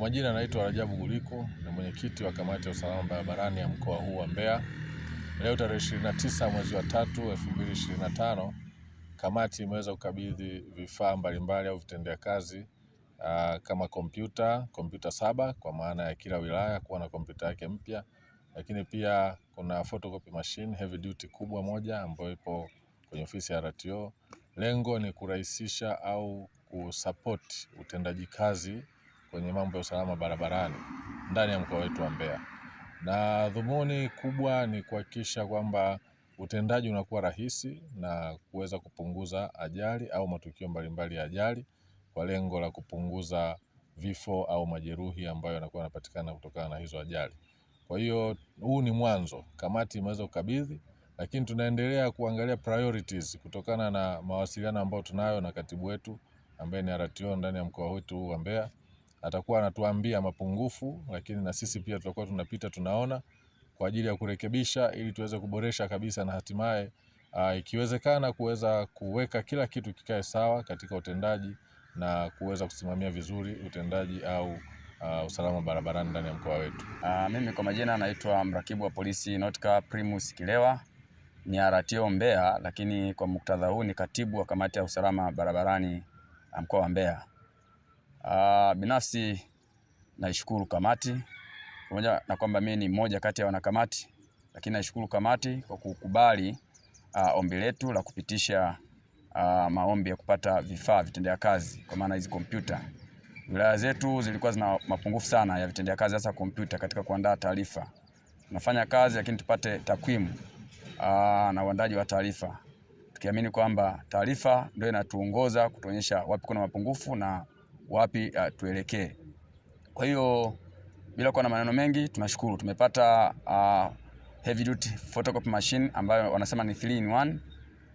Kwa majina anaitwa Rajabu Guliku, ni mwenyekiti wa kamati ya usalama barabarani ya mkoa huu wa Mbeya. Leo tarehe 29 mwezi wa tatu 2025, kamati imeweza kukabidhi vifaa mbalimbali au vitendea kazi aa, ah, kama kompyuta kompyuta saba kwa maana ya kila wilaya kuwa na kompyuta yake mpya, lakini pia kuna photocopy machine heavy duty kubwa moja ambayo ipo kwenye ofisi ya RTO. Lengo ni kurahisisha au kusupport utendaji kazi kwenye mambo ya usalama barabarani ndani ya mkoa wetu wa Mbeya, na dhumuni kubwa ni kuhakikisha kwamba utendaji unakuwa rahisi na kuweza kupunguza ajali au matukio mbalimbali ya ajali kwa lengo la kupunguza vifo au majeruhi ambayo yanakuwa yanapatikana kutokana na hizo ajali. Kwa hiyo huu ni mwanzo, kamati imeweza kukabidhi, lakini tunaendelea kuangalia priorities kutokana na mawasiliano ambayo tunayo na katibu wetu ambaye ni RTO ndani ya mkoa wetu wa Mbeya atakuwa anatuambia mapungufu, lakini na sisi pia tutakuwa tunapita tunaona kwa ajili ya kurekebisha ili tuweze kuboresha kabisa na hatimaye uh, ikiwezekana kuweza kuweka kila kitu kikae sawa katika utendaji na kuweza kusimamia vizuri utendaji au uh, usalama barabarani ndani ya mkoa wetu. Uh, mimi kwa majina naitwa mrakibu wa polisi Notka Primus Kilewa ni aratio Mbeya, lakini kwa muktadha huu ni katibu wa kamati ya usalama barabarani mkoa wa Mbeya. Uh, binafsi naishukuru kamati pamoja na kwamba mimi ni mmoja kati ya wanakamati, lakini naishukuru kamati kwa kukubali uh, ombi letu la kupitisha uh, maombi ya kupata vifaa vitendea kazi kwa maana hizi kompyuta. Wilaya zetu zilikuwa zina mapungufu sana ya vitendea kazi hasa kompyuta katika kuandaa taarifa. Tunafanya kazi lakini tupate takwimu uh, na uandaji wa taarifa tukiamini kwamba taarifa ndio inatuongoza kutuonyesha wapi kuna mapungufu na wapi uh, tuelekee. Kwa hiyo bila kuwa na maneno mengi, tunashukuru tumepata uh, heavy duty photocopy machine ambayo wanasema ni 3 in 1,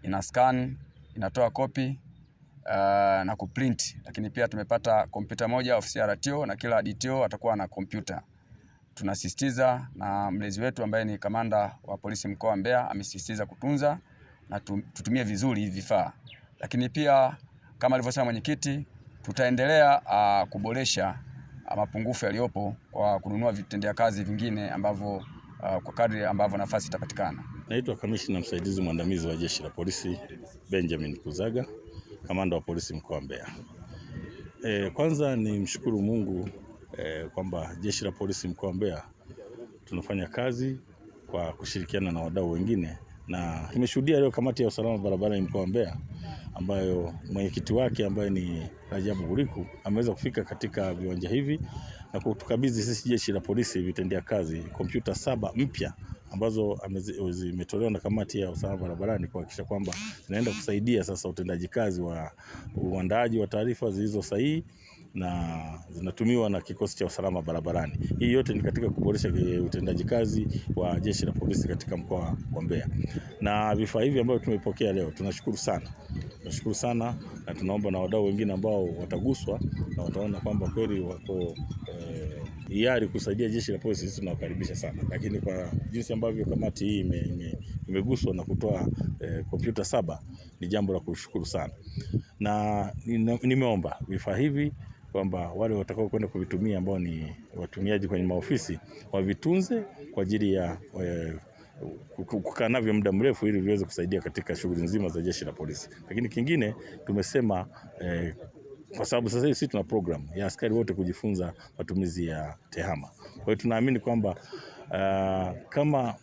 ina scan, inatoa copy uh, na kuprint, lakini pia tumepata kompyuta moja ofisi ya RTO na kila DTO atakuwa na kompyuta. Tunasisitiza na mlezi wetu ambaye ni kamanda wa polisi mkoa wa Mbeya amesisitiza kutunza na tutumie vizuri hivi vifaa, lakini pia kama alivyosema mwenyekiti Tutaendelea uh, kuboresha uh, mapungufu yaliyopo kwa kununua vitendea kazi vingine ambavyo uh, kwa kadri ambavyo nafasi itapatikana. Naitwa Kamishna Msaidizi Mwandamizi wa Jeshi la Polisi Benjamin Kuzaga, Kamanda wa Polisi Mkoa wa Mbeya. E, kwanza ni mshukuru Mungu e, kwamba Jeshi la Polisi Mkoa wa Mbeya tunafanya kazi kwa kushirikiana na wadau wengine na tumeshuhudia leo kamati ya usalama barabarani mkoa wa Mbeya ambayo mwenyekiti wake ambaye ni Rajabu Guriku ameweza kufika katika viwanja hivi na kutukabidhi sisi jeshi la polisi vitendea kazi kompyuta saba mpya ambazo zimetolewa na kamati ya usalama barabarani kuhakikisha kwamba zinaenda kusaidia sasa utendaji kazi wa uandaaji wa taarifa zilizo sahihi na zinatumiwa na kikosi cha usalama barabarani. Hii yote ni katika kuboresha eh, utendaji kazi wa jeshi la polisi katika mkoa wa Mbeya, na vifaa hivi ambavyo tumepokea leo, tunashukuru sana, tunashukuru sana, na tunaomba na wadau wengine ambao wataguswa na wataona kwamba kweli wako eh, e, kusaidia jeshi la polisi, sisi tunawakaribisha sana. Lakini kwa jinsi ambavyo kamati hii ime, ime, imeguswa na kutoa e, kompyuta saba, ni jambo la kushukuru sana, na nimeomba vifaa hivi kwamba wale watakao kwenda kuvitumia ambao ni watumiaji kwenye maofisi wavitunze kwa ajili ya eh, kukaa navyo muda mrefu ili viweze kusaidia katika shughuli nzima za jeshi la polisi. Lakini kingine tumesema e, kwa sababu sasa hivi sisi tuna program ya askari wote kujifunza matumizi ya tehama. Kwa hiyo tunaamini kwamba uh, kama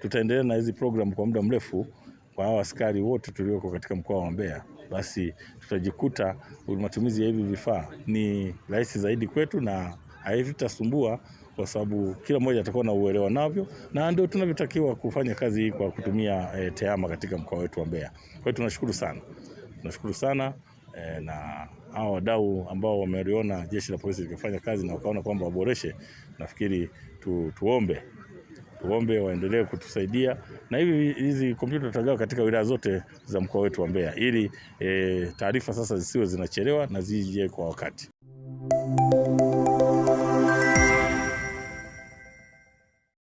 tutaendelea na hizi program kwa muda mrefu, kwa hao askari wote tulioko katika mkoa wa Mbeya basi tutajikuta matumizi ya hivi vifaa ni rahisi zaidi kwetu na havitasumbua kwa sababu kila mmoja atakuwa na uelewa navyo, na ndio tunavyotakiwa kufanya kazi hii kwa kutumia e, TEHAMA katika mkoa wetu wa Mbeya. Kwa hiyo tunashukuru sana, tunashukuru sana e, na hawa wadau ambao wameliona jeshi la polisi likifanya kazi na wakaona kwamba waboreshe, nafikiri tu, tuombe Tuombe waendelee kutusaidia na hivi hizi kompyuta tutagawa katika wilaya zote za mkoa wetu wa Mbeya ili e, taarifa sasa zisiwe zinachelewa na zije kwa wakati.